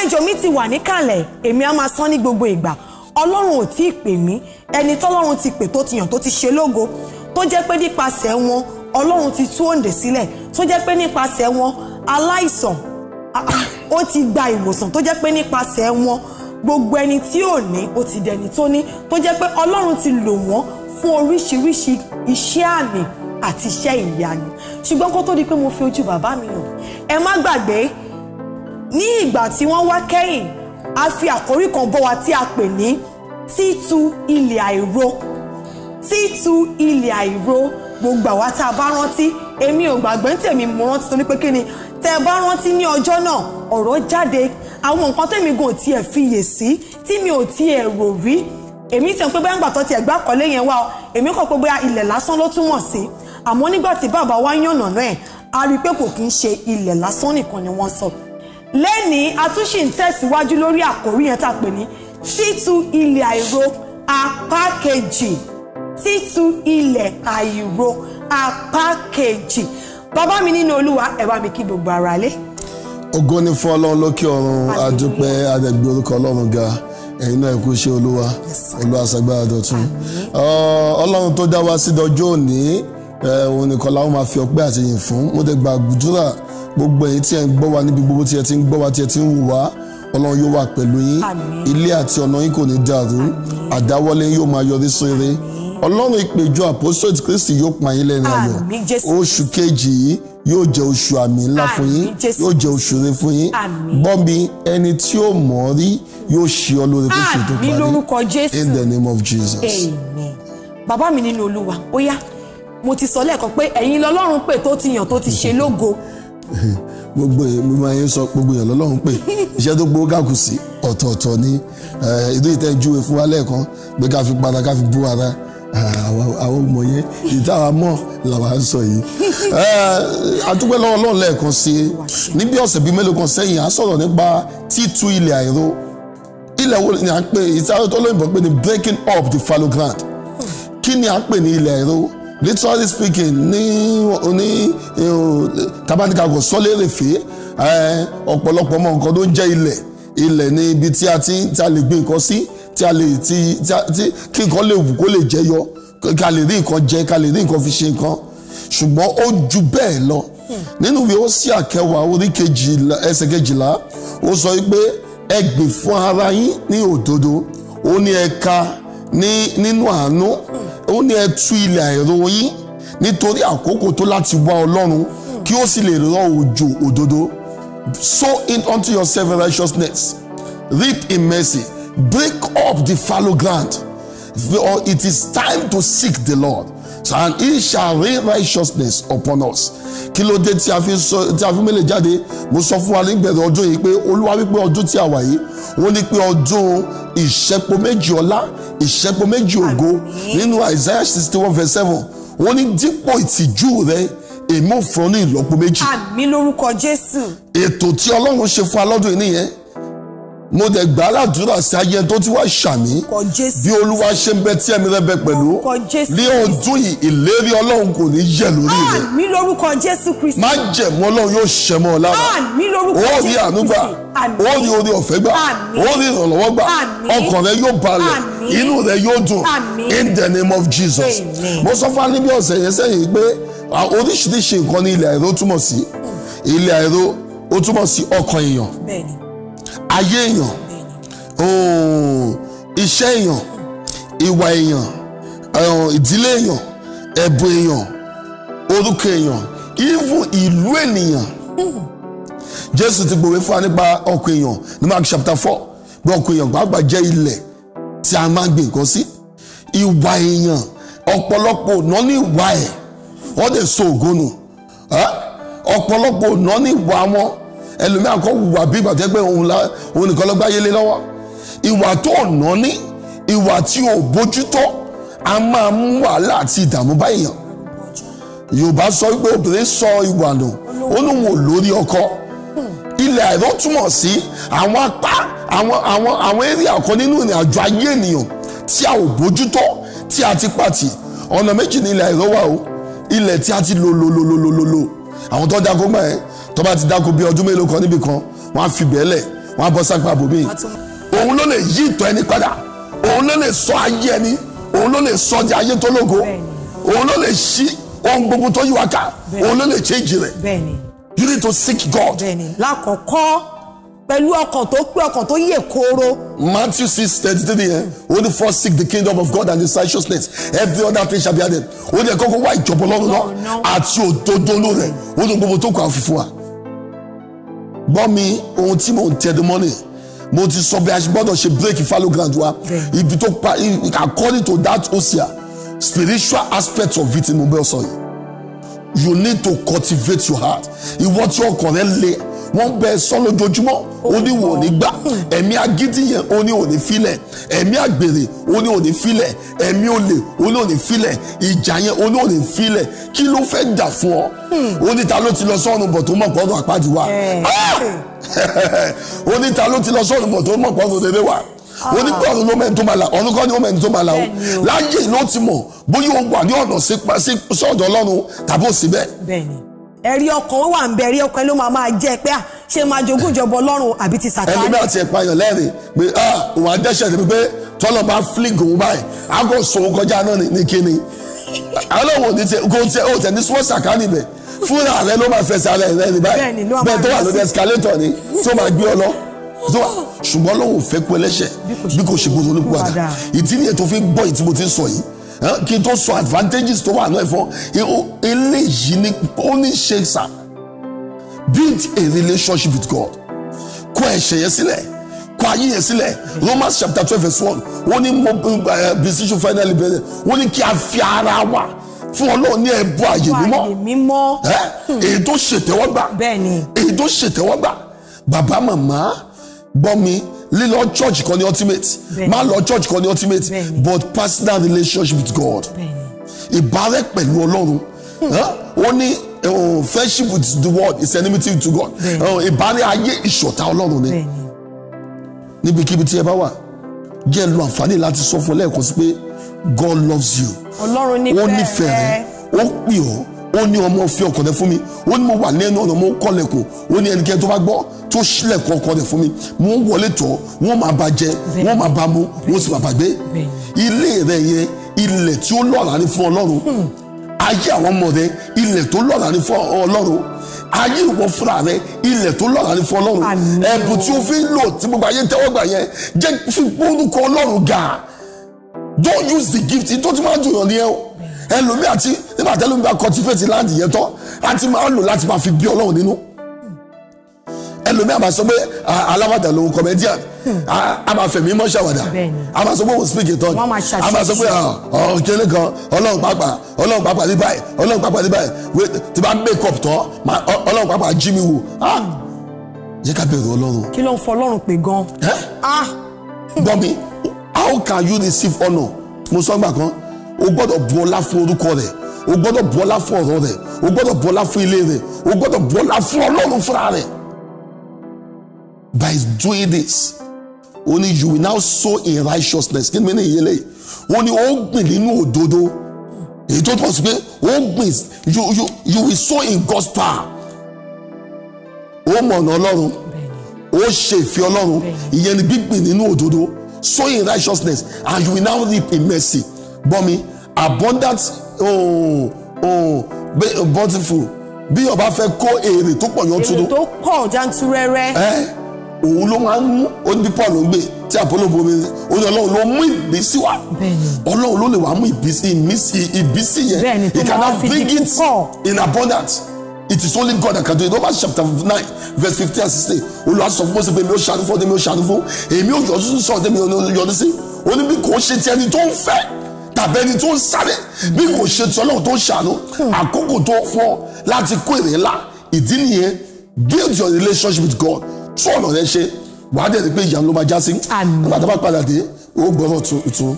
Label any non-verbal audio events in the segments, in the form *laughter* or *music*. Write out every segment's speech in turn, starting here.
àlejò mi ti wà níkàlẹ̀ èmi á máa san ní gbogbo ìgbà ọlọ́run ò tí ì pè mí ẹni tọ́lọ́run ti pè tó ti yàn tó ti ṣe lógo tó jẹ́ pé nípasẹ̀ wọn ọlọ́run ti tú òǹdè sílẹ̀ tó jẹ́ pé nípasẹ̀ wọn aláìsàn ó ti gba ìwòsàn tó jẹ́ pé nípasẹ̀ wọn gbogbo ẹni tí ò ní ó ti dẹni tó ní tó jẹ́ pé ọlọ́run ti lò wọ́n fún oríṣiríṣi iṣẹ́ àmì àti iṣẹ́ ìyanu ṣùgbọ́n kó tó di pé mo fi ojú bàbá mi hàn ẹ má gbàgbé ní ìgbà tí wọ́n wá kẹ́yìn a fi àkórí kan bọ́ wa tí a pè ní títu ilẹ̀ àìro títu ilẹ̀ àìro gbogbo àwa tá a bá rántí èmi ò gbàgbé tèmi mo rántí torí pé kí ni tẹ́ ẹ bá rántí ní ọjọ́ náà ọ̀rọ̀ jáde àwọn nǹkan tèmi gan ò tiẹ̀ fiyè sí tí mi ò tiẹ̀ rò rí èmi tẹ̀ ń pé bẹ́ẹ̀ ń gbà tó tiẹ̀ gbá kọ́lé yẹn wá ọ èmi kò pé bóyá ilẹ̀ lásán ló túmọ̀ sí àmọ́ nígbà tí bàbá wa yànnàná ẹ̀ a rí i pé kò kí ń ṣe ilẹ̀ lásán nìkan ni wọ́n sọ lẹ́ni atúnṣì ń tẹ̀síwájú lórí àkórí yẹn tàpé ní ṣítu ilẹ̀ àìro apá kejì títu ilẹ̀ àìro apá kejì bàbá mi nínú olúwa ẹ bá mi kí gbogbo ara lé. ògo ni fún ọlọ́run lókè ọ̀run adúpẹ́ adẹ̀gbé orúkọ ọlọ́run ga ẹ̀yin náà kú ṣe olúwa olúwa ṣàgbára dọ̀tun ọlọ́run tó dá wa sí dọjọ́ òní òun nìkan làwọn máa fi ọpẹ́ àtìyìn fún mo dẹ̀ gbogbo ẹ̀yin tí ẹ ń gbọ́ wa níbi gbogbo tí ẹ ti ń gbọ́ wa tí ẹ ti ń wò wá ọlọ́run yóò wà pẹ̀lú yín ilé àti ọ̀nà yín kò ní dàrú àdáwọ́lé yóò máa yọrí sóore ọlọ́run ìpèjọ àpòsílẹ̀ kristi yóò pa yín lẹ́nu ayọ̀ oṣù kejì yìí yóò jẹ́ oṣù àmì ńlá fún yín yóò jẹ́ oṣù rere fún yín gbọ́ ẹni tí ó mọ̀ ọ́ rí yóò ṣe ọ lóore fún ìṣètò parí in the name of Jesus. Amen. bàbá mi nínú olúwa ó yá mo ti sọ lẹ́ẹ̀kan pé ẹ̀yin lọ́lọ́run pè tó ti yàn tó ti ṣe *laughs* lógo gbogbo mo máa ń sọ gbogbo yẹn lọ́lọ́run pé iṣẹ́ tó gbowó kàkù sí ọ̀tọ̀ọ̀tọ̀ ni eh, ìdó ìtẹ́júwe fún wa lẹ́ẹ̀kan pé ká fi padà ká fi bú ara eh, àwọn ọmọ yẹn ìtawà mọ̀ làwa ń sọ yìí àdúpẹ́ eh, lọ́wọ́ Ọlọ́run lẹ́ẹ̀kan sí i níbi ọ̀sẹ̀ bíi mélòó kan sẹ́yìn à sọ̀rọ̀ nípa títú ilẹ̀ àìró ilẹ̀ wo ni à ń pè ìtawà tó lóyìnbó pé ni breaking up the fallow ground kí ni à ń pè ní ilẹ̀ àìró literally speaking ní ní tabanikago sọlẹ́rẹ̀fẹ́ ọ̀pọ̀lọpọ̀ ọmọ nǹkan tó ń jẹ́ ilẹ̀ ilẹ̀ ní ibi tí a ti tí a lè gbé nǹkan sí tí a lè ti tí kí nǹkan lè wù kó lè jẹyọ ká lè rí nǹkan jẹ ká lè rí nǹkan fi ṣe nǹkan ṣùgbọ́n ó ju bẹ́ẹ̀ lọ nínú ìwé Hósíà kẹwàá orí kejìlá ẹsẹ̀ kejìlá ó sọ pé ẹ gbìn fún ara yín ní òdodo ó ní ẹ ká nínú àánú ó ni ẹ tú ilẹ̀ àìró yín nítorí àkókò tó láti wá ọlọ́run kí ó sì lè rọ òjò òdodo sow in unto yourself in righteousness reap in mercy break up the fallow ground for it is time to seek the Lord and he shall rain righteousness upon us kí ló dé tí a fi sọ tí a fi mélòó jáde mo sọ fún wa nígbẹ̀rẹ̀ ọdún yìí pé olúwa wípé ọdún tí a wà yìí wọ́n ní pé ọdún ìṣẹ́po méjì ọlá ìṣẹ́po méjì ògo nínú Isaiah sixty one verse seven wọ́n ní dípò ìtìjú rẹ èmi ò fún ọ ní ìlọ́po méjì. àmì lórúkọ Jésù. ètò tí Ọlọ́run ṣe fún alọ́dún yìí nìyẹn mo tẹ̀ gbà á ládùúrà sí ayé tó ti wá ṣàmì bí olúwa ṣe ń bẹ tí ẹ̀mí rẹ bẹ pẹ̀lú ní ọdún yìí ìlérí ọlọ́run kò ní yẹ̀ lórí rẹ. àmì lórúkọ jésù kristi. má jẹ̀mú ọlọ́run yóò ṣẹ mọ́ ọ lára. àmì lórúkọ jésù kristi. ó rí àánú gbà ó rí orí ọ̀fẹ́ gbà ó rí ìrànlọ́wọ́ gbà ọkàn rẹ yóò balẹ̀ inú rẹ yóò dùn in the name of jesus. mo sọ fún alíbí ọ̀sẹ̀ yẹn sẹ́yìn pé oríṣiríṣi nǹkan ní ilẹ̀ àìró túmọ̀ sí ilẹ̀ àìró ó túmọ̀ sí ọkàn ayé èèyàn iṣẹ́ èèyàn ìwà èèyàn ìdílé èèyàn ẹ̀bùn èèyàn orúkọ èèyàn even ìlú ènìyàn Jésù ti gbòwe fún wa nípa ọkọ̀ èèyàn ní Mark chapter four bí ọkọ̀ èèyàn gbàgbà jẹ́ ilẹ̀ tí a máa ń gbé nǹkan sí ìwà èèyàn ọ̀pọ̀lọpọ̀ ò ní ìwà ẹ̀ wọ́n lè so ògo nù ọ̀pọ̀lọpọ̀ ò ní ìwà wọn ẹlòmíà kọ́ wùwà bí ìgbà tó yẹ la òun nìkan ló gbáyé lé lọ́wọ́ ìwà tó ọ̀nà ní ìwà tí ò bójútó a máa mú wàhálà àti ìdààmú bá èèyàn yorùbá sọ wípé obìnrin sọ ìwà nù ó lóun ò lórí ọkọ ilẹ̀ àìrọ́ túmọ̀ sí àwọn apá àwọn àwọn àwọn area kan nínú ìrìn àjò ayé ènìyàn tí a ò bójútó tí a ti pàtì ọ̀nà méjì ní ilẹ̀ àìrọ́ wà o ilẹ̀ tí a ti lò lò lò lò lò lò àwọn tó dáa kó gbà yẹn tó ti dáko bí ọdún mélòó kan níbi kan wọ́n fi bẹ́ẹ̀lẹ̀ wọ́n bọ́ sápá bòmí. òun ló lè yí ìtọ́ ẹni padà òun ló lè sọ ayé ẹni òun ló lè sọ di ayé tó lógo òun ló lè ṣí ohun gbogbo tó yí wa ká òun ló lè change rẹ̀ you need to seek God. lákọ̀ọ́kọ́ pẹ̀lú ọkàn tó pé ọkàn tó yè kooro. Matthew six thirty three yẹn only first seek the kingdom of God and his righteousness every other thing shall be added. ó ní ẹ̀kọ́ kó wá ìjọba ọlọ́run náà àti òdodo olóore ó ní gbogbo tó kọ àfihàn wa gbọ́ mi ohun tí mò ń tẹnu mọ́ nìyẹn mo ti sọ bí a ṣe gbọ́dọ̀ ṣe break fallogrand wa ibi tó pa according to that osia spiritual aspect of it ni mo bẹ́ẹ̀ sọ yìí you need to cultivate your heart ìwọ tí ọkàn rẹ le wọ́n ń bẹ sọ lójoojúmọ́ ó ní wò ní gbà ẹ̀mí agídí yẹn ó ní òní filẹ̀ ẹ̀mí àgbèrè ó ní òní filẹ̀ ẹ̀mí olè ó ní òní filẹ̀ ìjà yẹn ó ní òní filẹ̀ kí ló fẹ́ dà fún ọ ó ní ta ló ti lọ sọ́run bọ̀ tó mọ̀ pọ́nrún àpáàdì wa *laughs* ó ta ló ti lọ sọ́run bọ̀ tó mọ̀ pọ́nrún rere wa ó ní ló mẹ́ni tó máa là ọ̀run kọ́ ni ó mẹ́ni tó máa là o láyé ló ti mọ̀ bóyá o wà ní ọ̀nà sí sọ́ọ̀dọ̀ ọlọ́run tàbí òsì bẹ́ẹ̀ ẹ̀rí ọkàn wà ń bẹ ẹ̀rí ọkàn ló máa máa jẹ́ pé ṣé máa jogún ìjọba ọlọ́run àbí ti sàkáàlì. ẹni náà ti ẹ̀ payàn lẹ́rìn pé òun àdẹ́sẹ̀ ni pé tọ́lọ̀ bá fling òun báyìí àgọ́ sòun kọjá náà ní kíni alóhùn òní tẹ kò tẹ ò tẹ ní súnmọ́ sàkáàlì bẹ̀ fúnra rẹ ló máa fẹsẹ̀ rẹ rẹ ní báyìí bẹ́ẹ̀ tó wà lórí ẹ̀sìkálétọ̀ ni tó máa gbé ọ kí n tó sọ advantages tó wà náà fún eléyìí ni ó ní ṣe sà build a relationship with God kọ ẹ̀ṣẹ̀ yẹn sílẹ̀ kọ ayé yẹn sílẹ̀ Romans chapter twelve verse one wọ́n ní mo bisisu finally bẹ̀rẹ̀ wọ́n ní kí a fi ara wa fún ọlọ́run ní ẹ̀bùn àyè mímọ́ èyí tó ṣètẹ́wọ́gbà èyí tó ṣètẹ́wọ́gbà bàbá màmá gbọ́ mi lílọ church kan ni ultimate má lọ church kan ni ultimate but personal relationship with God ìbárẹ́ pẹ̀lú Ọlọ́run hmm. ó ní oh, friendship with the world is enmity to God ìbárẹ́ ayé ìṣọ̀tá Ọlọ́run ni níbikíbi tí ẹ bá wà jẹ́ lo àǹfààní láti sọ fún ọ lẹ́ẹ̀kan sí pé God loves you Ọlọ́run nífẹ̀ẹ́ rẹ ó pè ọ́ ó ní ọmọ fi ọkàn rẹ fún mi ó ní mo wà lẹ́nu ọ̀nà mo ń kọ́lẹ̀kùn ó ní ẹnikẹ́ni tó bá gbọ́ tó ṣílẹ̀kùn ọkàn rẹ fún mi mo ń wọlé tọ̀ wọ́n máa bá jẹ wọ́n máa bá mu wọ́n sì máa bá gbé ilé rẹ yẹn ilẹ̀ tí ó lọ́ra ní fún ọlọ́run hmm. ayé àwọn ọmọ rẹ ilẹ̀ tó lọ́ra ní fún ọlọ́run ayé ìwọ fúnra rẹ ilẹ̀ tó lọ́ra ní fún ọlọ́run ẹ̀bùn tí o fi ń lò tí gbogbo ayé tẹ́wọ́ gbà yẹn jẹ́ fi orúkọ ọlọ́run ga don't use the gift ìtọ́jú máa ń dùn yàn ní ẹlòmí àti nígbà tẹlómi bá cultivate land yẹn tọ́ àti máa lò láti máa fi bí ọlọ́run nínú ẹlòmí àmà sọ pé aláwàdà lòun comedian àmà fẹ̀mí mọ́ ṣàwàdà àmà sọ pé òun speak ìtọ́jú àmà sọ pé ọ̀kẹ́lẹ́ ah, ah, kan ọlọ́run pápá ọlọ́run pápá ní báyìí ọlọ́run pápá ní báyìí tí bá make up tán ọlọ́run pápá jí mi wò ah, jẹ́ ká bẹ̀rù ọlọ́run. kí ló ń fọ ọlọ́run pè gan. gbọ́ mi how can you receive honour mo sọ gbà kan o gbọ́dọ̀ bu fún orúkọ rẹ̀ o gbọ́dọ̀ bu fún ọ̀rọ̀ rẹ̀ o gbọ́dọ̀ bu fún ilé rẹ̀ o gbọ́dọ̀ bu fún ọlọ́run fúnra rẹ̀ by doing this ó ní you will now sow in righteousness kí ni mi ní ìyẹlẹ yìí ó ní ó gbìn nínú òdodo èyí tó tọ́ sí pé ó gbìn you you you will sow in God's power ó mọ̀nà ọlọ́run ó ṣe ìfẹ́ ọlọ́run ìyẹn ni gbígbìn nínú òdodo sow in righteousness and you will now reap in mercy gbọ́ mi abundant oh, oh, bountiful bí o bá fẹ́ kó èrè tó pọ̀ yanturu. èrè tó pọ̀ janturẹrẹ. ẹ òun ló máa ń mú oníbi paul ló ń gbé tí apollo bomi ó ní ọlọ́run ló mú ìbísí wá ọlọ́run ló lè wá mú ìbísí yẹn he cannot bring it in abundance it is only God that can do it Romans chapter nine verse fifteen and sixteen Olúwa sọ fún Mósè pé èmi ò ṣàánú fún èmi ò ṣàánú fún èmi ò yọdún sí sọ̀rọ̀ tẹ́mi yọdún sí ó kò ṣe ti ẹni tó ń fẹ́ tàbẹ́ni tó ń sáré bí kò ṣe ti ọlọ́run tó ń ṣàánú àkókò tó fọ́ láti kó èrè ńlá ìdí nìyẹn build your relationship with God tún ọ̀nà rẹ ṣe wàá dẹ̀ rí pé ìyanu ló máa já sí nígbà bá padà dé ó gbọ́rọ̀ tuntun.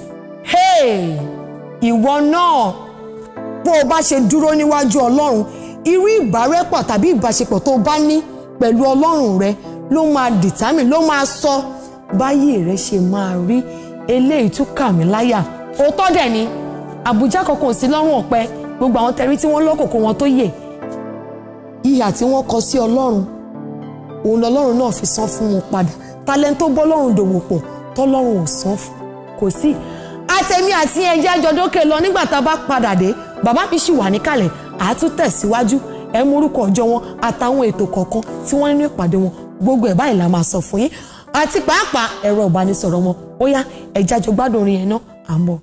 ìwọ náà bó o bá ṣe dúró níwájú ọlọ́run irú ìbárẹ́pọ̀ tàbí ìbáṣepọ̀ tó o bá ní pẹ̀lú ọlọ́run rẹ ló máa determine ló máa sọ báyìí rẹ ṣe máa rí eléyìí tún kà mí láyà òótọ́ dẹ̀ ni àbújá kankan ò sí lọ́rùn ọ̀pẹ gbogbo àwọn tẹrí tí wọ́n lọ́kòkò wọn tó yè ìyà tí wọ́n kọ sí ọlọ́run òun lọ́lọ́run náà fi san fún wọn padà talent tó bọ́ lọ́run dòwò pọ̀ tọ́lọ́run ò san fún kò sí àtẹ̀mí àti ẹ̀jẹ̀ àjọ̀dókè lọ nígbà tá a bá padà dé bàbá mi ṣì wà níkàlẹ̀ àátún tẹ̀síwájú ẹ mú orúkọ ọjọ́ wọn àtàwọn ètò kọ̀ọ̀kan tí wọ́n nínú ìpàdé wọn gbogbo ẹ̀ báyìí la máa sọ fún yín àti pàápàá ẹ̀rọ ìbánisọ̀rọ̀ wọn ó yá ẹ̀jẹ̀ àjọgbádùn orin yẹn náà 阿木。